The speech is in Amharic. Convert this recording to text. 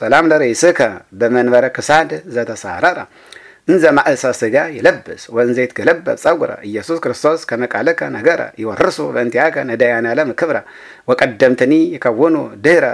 ሰላም ለርእስከ በመንበረ ክሳድ ዘተሳረረ እንዘ ማእሰ ስጋ ይለብስ ወንዘይት ገለበብ ጸጉረ ኢየሱስ ክርስቶስ ከመቃለከ ነገረ ይወርሱ በእንቲአከ ነዳያነ ዓለም ክብረ ወቀደምትኒ ይከውኑ ድህረ